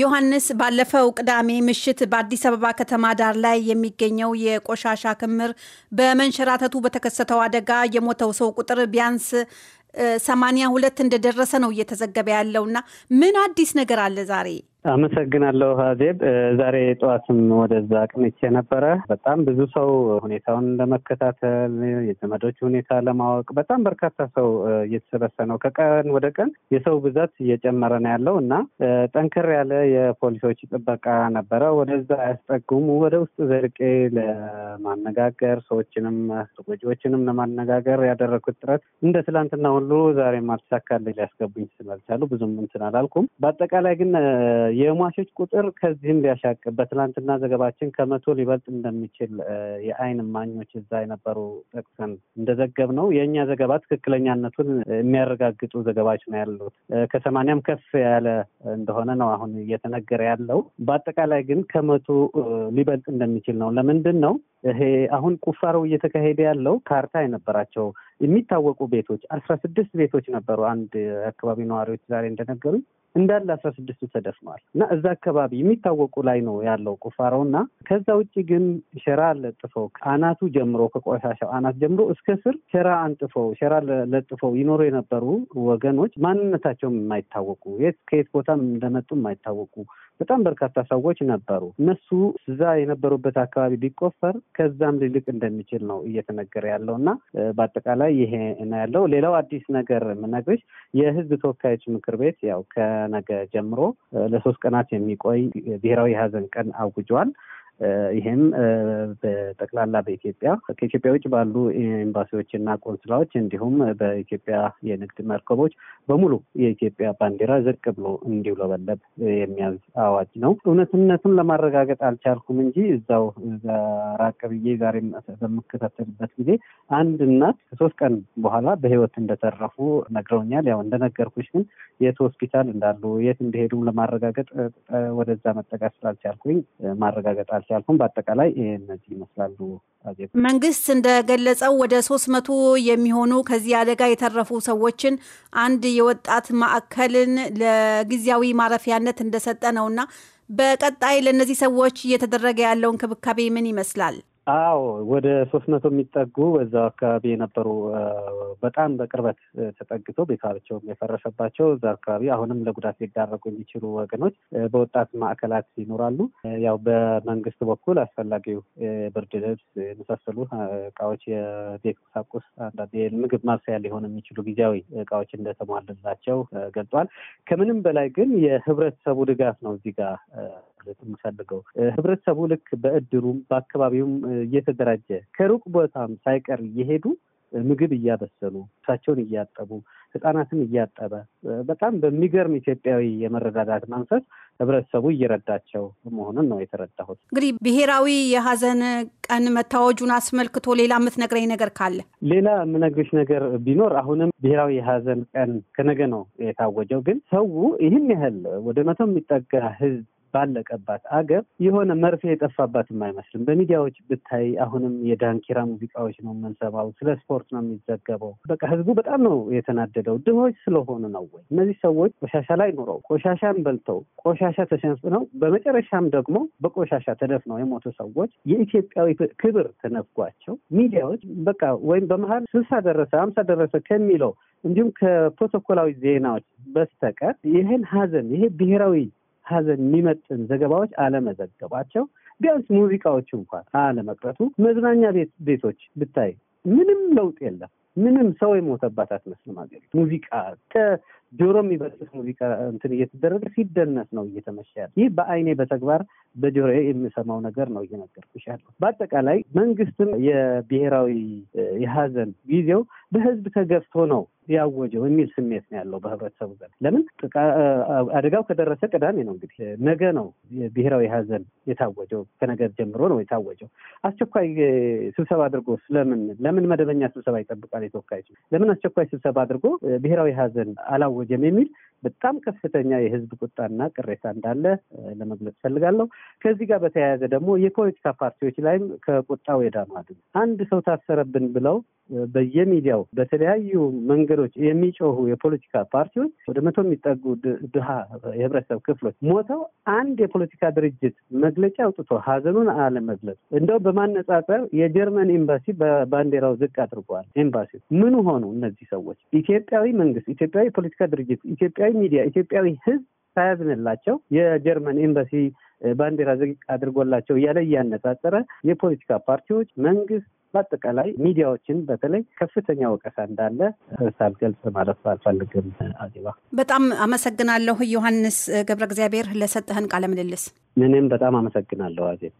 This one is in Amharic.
ዮሐንስ ባለፈው ቅዳሜ ምሽት በአዲስ አበባ ከተማ ዳር ላይ የሚገኘው የቆሻሻ ክምር በመንሸራተቱ በተከሰተው አደጋ የሞተው ሰው ቁጥር ቢያንስ ሰማንያ ሁለት እንደደረሰ ነው እየተዘገበ ያለውና ምን አዲስ ነገር አለ ዛሬ? አመሰግናለሁ አዜብ። ዛሬ ጠዋትም ወደዛ ቅንቼ ነበረ። በጣም ብዙ ሰው ሁኔታውን ለመከታተል የዘመዶች ሁኔታ ለማወቅ በጣም በርካታ ሰው እየተሰበሰ ነው። ከቀን ወደ ቀን የሰው ብዛት እየጨመረ ነው ያለው እና ጠንከር ያለ የፖሊሶች ጥበቃ ነበረ። ወደዛ አያስጠጉም። ወደ ውስጥ ዘርቄ ለማነጋገር ሰዎችንም ተጎጂዎችንም ለማነጋገር ያደረግኩት ጥረት እንደ ትላንትና ሁሉ ዛሬም አልተሳካልኝ። ሊያስገቡኝ ስላልቻሉ ብዙም እንትን አላልኩም። በአጠቃላይ ግን የሟቾች ቁጥር ከዚህም ቢያሻቅ በትላንትና ዘገባችን ከመቶ ሊበልጥ እንደሚችል የአይን ማኞች እዛ የነበሩ ጠቅሰን እንደዘገብ ነው። የእኛ ዘገባ ትክክለኛነቱን የሚያረጋግጡ ዘገባዎች ነው ያሉት። ከሰማንያም ከፍ ያለ እንደሆነ ነው አሁን እየተነገረ ያለው። በአጠቃላይ ግን ከመቶ ሊበልጥ እንደሚችል ነው። ለምንድን ነው ይሄ አሁን ቁፋሮ እየተካሄደ ያለው? ካርታ የነበራቸው የሚታወቁ ቤቶች አስራ ስድስት ቤቶች ነበሩ። አንድ አካባቢ ነዋሪዎች ዛሬ እንደነገሩኝ እንዳለ አስራ ስድስቱ ተደፍኗል እና እዛ አካባቢ የሚታወቁ ላይ ነው ያለው ቁፋሮው እና ከዛ ውጭ ግን ሸራ ለጥፈው አናቱ ጀምሮ ከቆሻሻው አናት ጀምሮ እስከ ስር ሸራ አንጥፈው ሸራ ለጥፈው ይኖሩ የነበሩ ወገኖች ማንነታቸውም የማይታወቁ የት ከየት ቦታ እንደመጡ የማይታወቁ በጣም በርካታ ሰዎች ነበሩ። እነሱ እዛ የነበሩበት አካባቢ ቢቆፈር ከዛም ሊልቅ እንደሚችል ነው እየተነገረ ያለው እና በአጠቃላይ ይሄ ነው ያለው። ሌላው አዲስ ነገር የምነግርሽ የህዝብ ተወካዮች ምክር ቤት ያው ከ ከነገ ጀምሮ ለሶስት ቀናት የሚቆይ ብሔራዊ የሀዘን ቀን አውጇል። ይህም በጠቅላላ በኢትዮጵያ ከኢትዮጵያ ውጭ ባሉ ኤምባሲዎች እና ቆንስላዎች እንዲሁም በኢትዮጵያ የንግድ መርከቦች በሙሉ የኢትዮጵያ ባንዲራ ዝቅ ብሎ እንዲውለበለብ የሚያዝ አዋጅ ነው። እውነትነቱን ለማረጋገጥ አልቻልኩም እንጂ እዛው ራቅ ብዬ ዛሬ በምከታተልበት ጊዜ አንድ እናት ከሶስት ቀን በኋላ በህይወት እንደተረፉ ነግረውኛል። ያው እንደነገርኩሽ ግን የት ሆስፒታል እንዳሉ የት እንደሄዱም ለማረጋገጥ ወደዛ መጠጋት ስላልቻልኩኝ ማረጋገጥ አልቻልኩም። በአጠቃላይ እነዚህ ይመስላሉ። መንግስት እንደገለጸው ወደ ሶስት መቶ የሚሆኑ ከዚህ አደጋ የተረፉ ሰዎችን አንድ የወጣት ማዕከልን ለጊዜያዊ ማረፊያነት እንደሰጠ ነውና በቀጣይ ለእነዚህ ሰዎች እየተደረገ ያለው እንክብካቤ ምን ይመስላል? አዎ ወደ ሶስት መቶ የሚጠጉ በዛው አካባቢ የነበሩ በጣም በቅርበት ተጠግተው ቤታቸውም የፈረሰባቸው እዛ አካባቢ አሁንም ለጉዳት ሊዳረጉ የሚችሉ ወገኖች በወጣት ማዕከላት ይኖራሉ። ያው በመንግስት በኩል አስፈላጊው ብርድ ልብስ የመሳሰሉ እቃዎች፣ የቤት ቁሳቁስ፣ አንዳንድ የምግብ ማብሰያ ሊሆን የሚችሉ ጊዜያዊ እቃዎች እንደተሟልላቸው ገልጧል። ከምንም በላይ ግን የህብረተሰቡ ድጋፍ ነው እዚህ ጋር ማስቀረት የምፈልገው ህብረተሰቡ ልክ በእድሩም በአካባቢውም እየተደራጀ ከሩቅ ቦታም ሳይቀር እየሄዱ ምግብ እያበሰሉ እሳቸውን እያጠቡ ህጻናትን እያጠበ በጣም በሚገርም ኢትዮጵያዊ የመረዳዳት መንፈስ ህብረተሰቡ እየረዳቸው መሆኑን ነው የተረዳሁት። እንግዲህ ብሔራዊ የሀዘን ቀን መታወጁን አስመልክቶ ሌላ የምትነግረኝ ነገር ካለ? ሌላ የምነግርሽ ነገር ቢኖር አሁንም ብሔራዊ የሀዘን ቀን ከነገ ነው የታወጀው። ግን ሰው ይህን ያህል ወደ መቶ የሚጠጋ ህዝብ ባለቀባት አገር የሆነ መርፌ የጠፋባትም አይመስልም። በሚዲያዎች ብታይ አሁንም የዳንኪራ ሙዚቃዎች ነው የምንሰማው፣ ስለ ስፖርት ነው የሚዘገበው። በቃ ህዝቡ በጣም ነው የተናደደው። ድሆች ስለሆኑ ነው ወይ እነዚህ ሰዎች ቆሻሻ ላይ ኑረው ቆሻሻን በልተው ቆሻሻ ተሸፍነው በመጨረሻም ደግሞ በቆሻሻ ተደፍነው የሞቱ ሰዎች የኢትዮጵያዊ ክብር ተነፍጓቸው ሚዲያዎች በቃ ወይም በመሀል ስልሳ ደረሰ አምሳ ደረሰ ከሚለው እንዲሁም ከፕሮቶኮላዊ ዜናዎች በስተቀር ይህን ሀዘን ይሄ ብሔራዊ ሀዘን የሚመጥን ዘገባዎች አለመዘገባቸው፣ ቢያንስ ሙዚቃዎች እንኳን አለመቅረቱ፣ መዝናኛ ቤቶች ብታይ ምንም ለውጥ የለም። ምንም ሰው የሞተባት አትመስልም ሀገሪቱ። ሙዚቃ ከጆሮ የሚበጥስ ሙዚቃ እንትን እየተደረገ ሲደነስ ነው እየተመሸ ያለ። ይህ በአይኔ በተግባር በጆሮ የምሰማው ነገር ነው እየነገርኩሽ ያለው። በአጠቃላይ መንግስትም የብሔራዊ የሀዘን ጊዜው በህዝብ ተገፍቶ ነው ያወጀው የሚል ስሜት ነው ያለው በህብረተሰቡ ዘንድ። ለምን አደጋው ከደረሰ ቅዳሜ ነው እንግዲህ ነገ ነው ብሔራዊ ሀዘን የታወጀው ከነገር ጀምሮ ነው የታወጀው። አስቸኳይ ስብሰባ አድርጎ ስለምን ለምን መደበኛ ስብሰባ ይጠብቃል? የተወካዮች ለምን አስቸኳይ ስብሰባ አድርጎ ብሔራዊ ሀዘን አላወጀም? የሚል በጣም ከፍተኛ የህዝብ ቁጣና ቅሬታ እንዳለ ለመግለጽ ፈልጋለሁ። ከዚህ ጋር በተያያዘ ደግሞ የፖለቲካ ፓርቲዎች ላይም ከቁጣው የዳኑ አንድ ሰው ታሰረብን ብለው በየሚዲያው በተለያዩ መንገዶች የሚጮሁ የፖለቲካ ፓርቲዎች ወደ መቶ የሚጠጉ ድሃ የህብረተሰብ ክፍሎች ሞተው አንድ የፖለቲካ ድርጅት መግለጫ አውጥቶ ሀዘኑን አለመግለጽ እንደው በማነጻጸር የጀርመን ኤምባሲ በባንዲራው ዝቅ አድርጓል። ኤምባሲ ምን ሆኑ እነዚህ ሰዎች? ኢትዮጵያዊ መንግስት፣ ኢትዮጵያዊ የፖለቲካ ድርጅት፣ ኢትዮጵያዊ ሚዲያ፣ ኢትዮጵያዊ ህዝብ ሳያዝንላቸው የጀርመን ኤምባሲ ባንዲራ ዝቅ አድርጎላቸው እያለ እያነጻጸረ የፖለቲካ ፓርቲዎች መንግስት በአጠቃላይ ሚዲያዎችን በተለይ ከፍተኛ ወቀሳ እንዳለ ሳልገልጽ ማለት አልፈልግም። አዜባ በጣም አመሰግናለሁ። ዮሐንስ ገብረ እግዚአብሔር ለሰጠህን ቃለ ምልልስ እኔም በጣም አመሰግናለሁ አዜብ።